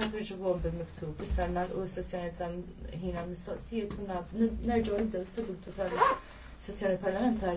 nirġuwom bil-miktub. Issa nalqu s-sessjoni ta' ħina mistoqsijiet u nerġu għiddu s-sedutu tal-sessjoni parlamentari.